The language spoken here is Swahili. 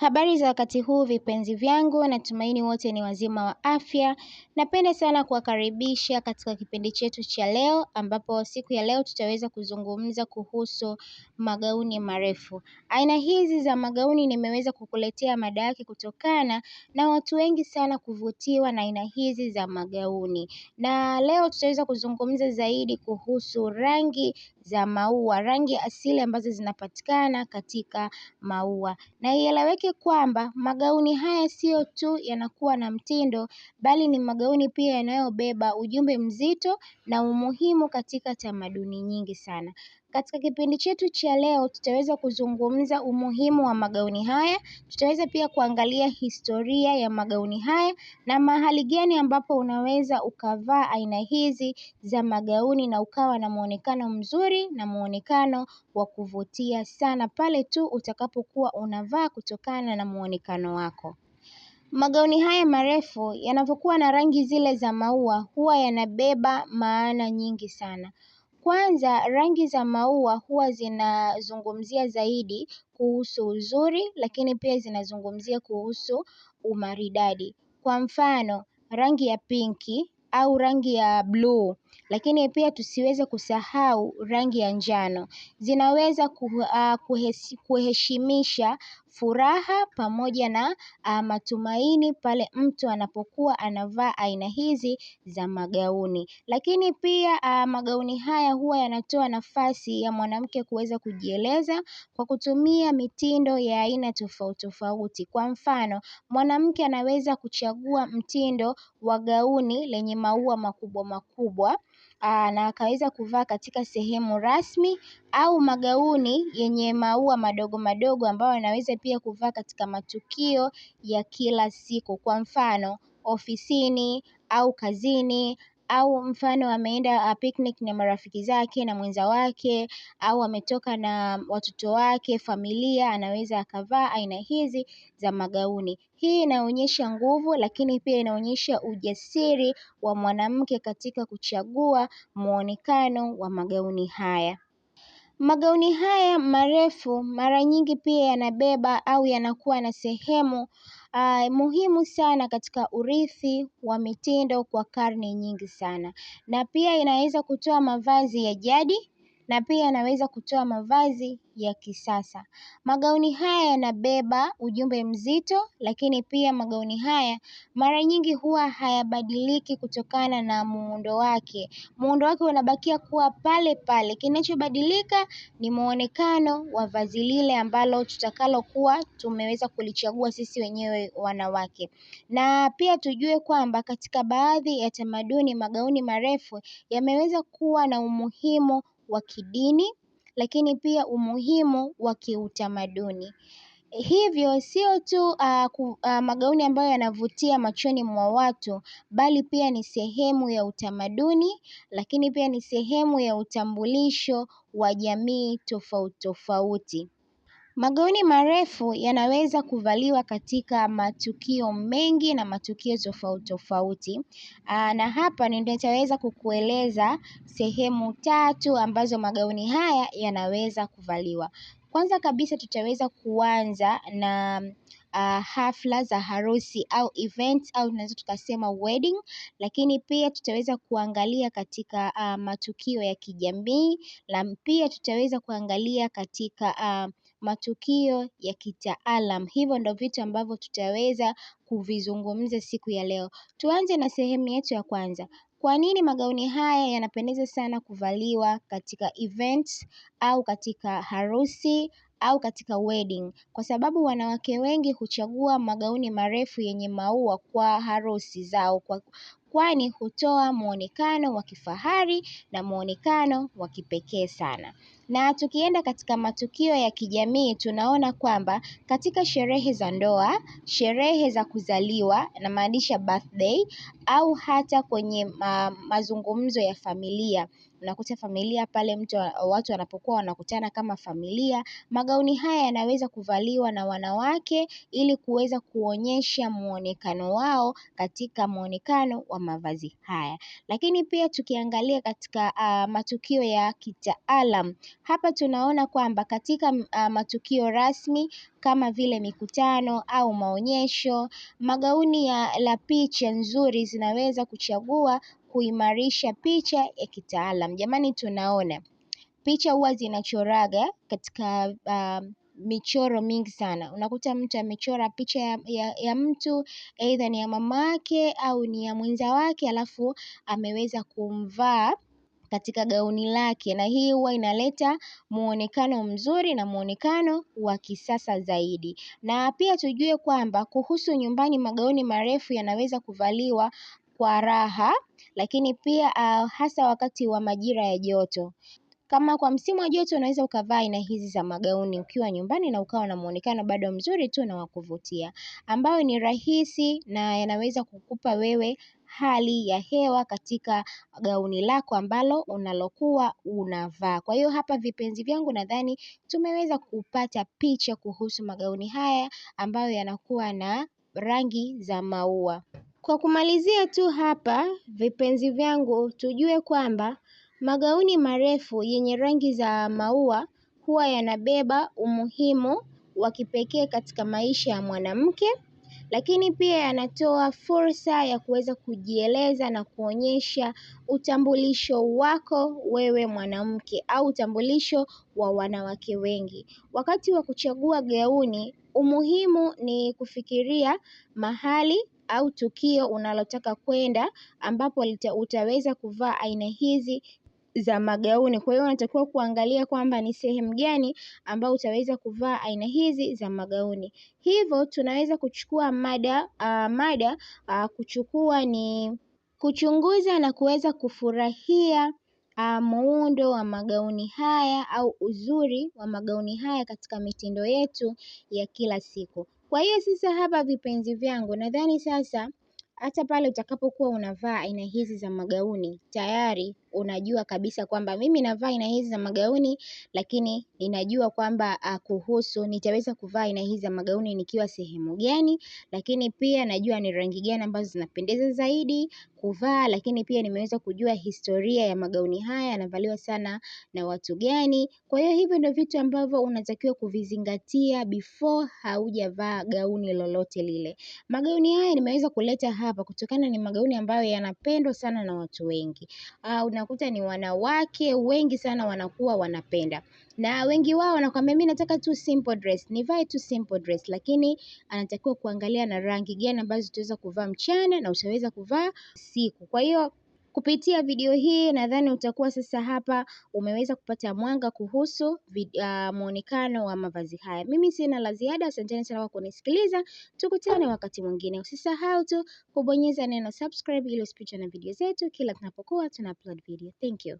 Habari za wakati huu vipenzi vyangu, natumaini wote ni wazima wa afya. Napenda sana kuwakaribisha katika kipindi chetu cha leo, ambapo siku ya leo tutaweza kuzungumza kuhusu magauni marefu. Aina hizi za magauni nimeweza kukuletea mada yake kutokana na watu wengi sana kuvutiwa na aina hizi za magauni, na leo tutaweza kuzungumza zaidi kuhusu rangi za maua, rangi asili ambazo zinapatikana katika maua na ieleweke Niwakumbushe kwamba magauni haya sio tu yanakuwa na mtindo bali ni magauni pia yanayobeba ujumbe mzito na umuhimu katika tamaduni nyingi sana katika kipindi chetu cha leo tutaweza kuzungumza umuhimu wa magauni haya, tutaweza pia kuangalia historia ya magauni haya na mahali gani ambapo unaweza ukavaa aina hizi za magauni na ukawa na muonekano mzuri na muonekano wa kuvutia sana pale tu utakapokuwa unavaa kutokana na muonekano wako. Magauni haya marefu yanavyokuwa na rangi zile za maua huwa yanabeba maana nyingi sana. Kwanza rangi za maua huwa zinazungumzia zaidi kuhusu uzuri lakini pia zinazungumzia kuhusu umaridadi. Kwa mfano rangi ya pinki au rangi ya bluu lakini pia tusiweze kusahau rangi ya njano. Zinaweza ah, kuheshimisha furaha pamoja na ah, matumaini pale mtu anapokuwa anavaa aina hizi za magauni. Lakini pia ah, magauni haya huwa yanatoa nafasi ya mwanamke kuweza kujieleza kwa kutumia mitindo ya aina tofauti tofauti. Kwa mfano, mwanamke anaweza kuchagua mtindo wa gauni lenye maua makubwa makubwa na akaweza kuvaa katika sehemu rasmi au magauni yenye maua madogo madogo ambayo anaweza pia kuvaa katika matukio ya kila siku kwa mfano ofisini au kazini au mfano ameenda uh, picnic na marafiki zake na mwenza wake au ametoka na watoto wake familia anaweza akavaa aina hizi za magauni. Hii inaonyesha nguvu lakini pia inaonyesha ujasiri wa mwanamke katika kuchagua muonekano wa magauni haya. Magauni haya marefu mara nyingi pia yanabeba au yanakuwa na sehemu ah, muhimu sana katika urithi wa mitindo kwa karne nyingi sana na pia inaweza kutoa mavazi ya jadi na pia yanaweza kutoa mavazi ya kisasa. Magauni haya yanabeba ujumbe mzito lakini pia magauni haya mara nyingi huwa hayabadiliki kutokana na muundo wake. Muundo wake unabakia kuwa pale pale. Kinachobadilika ni muonekano wa vazi lile ambalo tutakalokuwa tumeweza kulichagua sisi wenyewe wanawake. Na pia tujue kwamba katika baadhi ya tamaduni magauni marefu yameweza kuwa na umuhimu wa kidini lakini pia umuhimu wa kiutamaduni. Hivyo sio tu ah, ah, magauni ambayo yanavutia machoni mwa watu bali pia ni sehemu ya utamaduni lakini pia ni sehemu ya utambulisho wa jamii tofauti tofauti. Magauni marefu yanaweza kuvaliwa katika matukio mengi na matukio tofauti tofauti, na hapa ndio nitaweza kukueleza sehemu tatu ambazo magauni haya yanaweza kuvaliwa. Kwanza kabisa tutaweza kuanza na Uh, hafla za harusi au event au tunaweza tukasema wedding, lakini pia tutaweza kuangalia katika uh, matukio ya kijamii na pia tutaweza kuangalia katika uh, matukio ya kitaalamu. Hivyo ndio vitu ambavyo tutaweza kuvizungumza siku ya leo. Tuanze na sehemu yetu ya kwanza. Kwa nini magauni haya yanapendeza sana kuvaliwa katika events au katika harusi au katika wedding kwa sababu wanawake wengi huchagua magauni marefu yenye maua kwa harusi zao kwani hutoa muonekano wa kifahari na muonekano wa kipekee sana. Na tukienda katika matukio ya kijamii tunaona kwamba katika sherehe za ndoa, sherehe za kuzaliwa namaanisha birthday au hata kwenye mazungumzo ya familia unakuta familia pale mtu watu wanapokuwa wanakutana kama familia. Magauni haya yanaweza kuvaliwa na wanawake ili kuweza kuonyesha muonekano wao katika muonekano wa mavazi haya. Lakini pia tukiangalia katika uh, matukio ya kitaalam, hapa tunaona kwamba katika uh, matukio rasmi kama vile mikutano au maonyesho, magauni ya la picha nzuri zinaweza kuchagua kuimarisha picha ya kitaalamu. Jamani tunaona picha huwa zinachoraga katika uh, michoro mingi sana. Unakuta mtu amechora picha ya, ya, ya mtu aidha ni ya yake au ni ya mwenza wake, alafu ameweza kumvaa katika gauni lake, na hii huwa inaleta muonekano mzuri na muonekano wa kisasa zaidi. Na pia tujue kwamba kuhusu nyumbani, magauni marefu yanaweza kuvaliwa kwa raha lakini pia ah, hasa wakati wa majira ya joto. Kama kwa msimu wa joto unaweza ukavaa aina hizi za magauni ukiwa nyumbani na ukawa na muonekano bado mzuri tu na wa kuvutia ambayo ni rahisi na yanaweza kukupa wewe hali ya hewa katika gauni lako ambalo unalokuwa unavaa. Kwa hiyo hapa vipenzi vyangu nadhani tumeweza kupata picha kuhusu magauni haya ambayo yanakuwa na rangi za maua. Kwa kumalizia tu hapa vipenzi vyangu tujue kwamba magauni marefu yenye rangi za maua huwa yanabeba umuhimu wa kipekee katika maisha ya mwanamke lakini pia yanatoa fursa ya kuweza kujieleza na kuonyesha utambulisho wako wewe mwanamke au utambulisho wa wanawake wengi. Wakati wa kuchagua gauni umuhimu ni kufikiria mahali au tukio unalotaka kwenda ambapo utaweza kuvaa aina hizi za magauni kwa hiyo unatakiwa kuangalia kwamba ni sehemu gani ambayo utaweza kuvaa aina hizi za magauni hivyo tunaweza kuchukua mada uh, mada uh, kuchukua ni kuchunguza na kuweza kufurahia uh, muundo wa magauni haya au uzuri wa magauni haya katika mitindo yetu ya kila siku kwa hiyo sasa hapa vipenzi vyangu, nadhani sasa hata pale utakapokuwa unavaa aina hizi za magauni tayari unajua kabisa kwamba mimi navaa aina hizi za magauni, lakini ninajua kwamba uh, kuhusu nitaweza kuvaa aina hizi za magauni nikiwa sehemu gani, lakini pia najua ni rangi gani ambazo zinapendeza zaidi kuvaa lakini pia nimeweza kujua historia ya magauni haya yanavaliwa sana na watu gani. Kwa hiyo hivyo ndio vitu ambavyo unatakiwa kuvizingatia before haujavaa gauni lolote lile. Magauni haya nimeweza kuleta hapa kutokana ni magauni ambayo yanapendwa sana na watu wengi. Uh, unakuta ni wanawake wengi sana wanakuwa wanapenda na wengi wao wanakuambia mimi nataka tu simple dress, nivae tu simple dress, lakini anatakiwa kuangalia na rangi gani ambazo utaweza kuvaa mchana na utaweza kuvaa siku. Kwa hiyo kupitia video hii nadhani utakuwa sasa hapa umeweza kupata mwanga kuhusu ah, muonekano wa mavazi haya. Mimi sina la ziada, asanteni sana kwa kunisikiliza. Tukutane wakati mwingine, usisahau tu kubonyeza neno subscribe ili usipitwe na video zetu kila tunapokuwa tuna upload video. Thank you.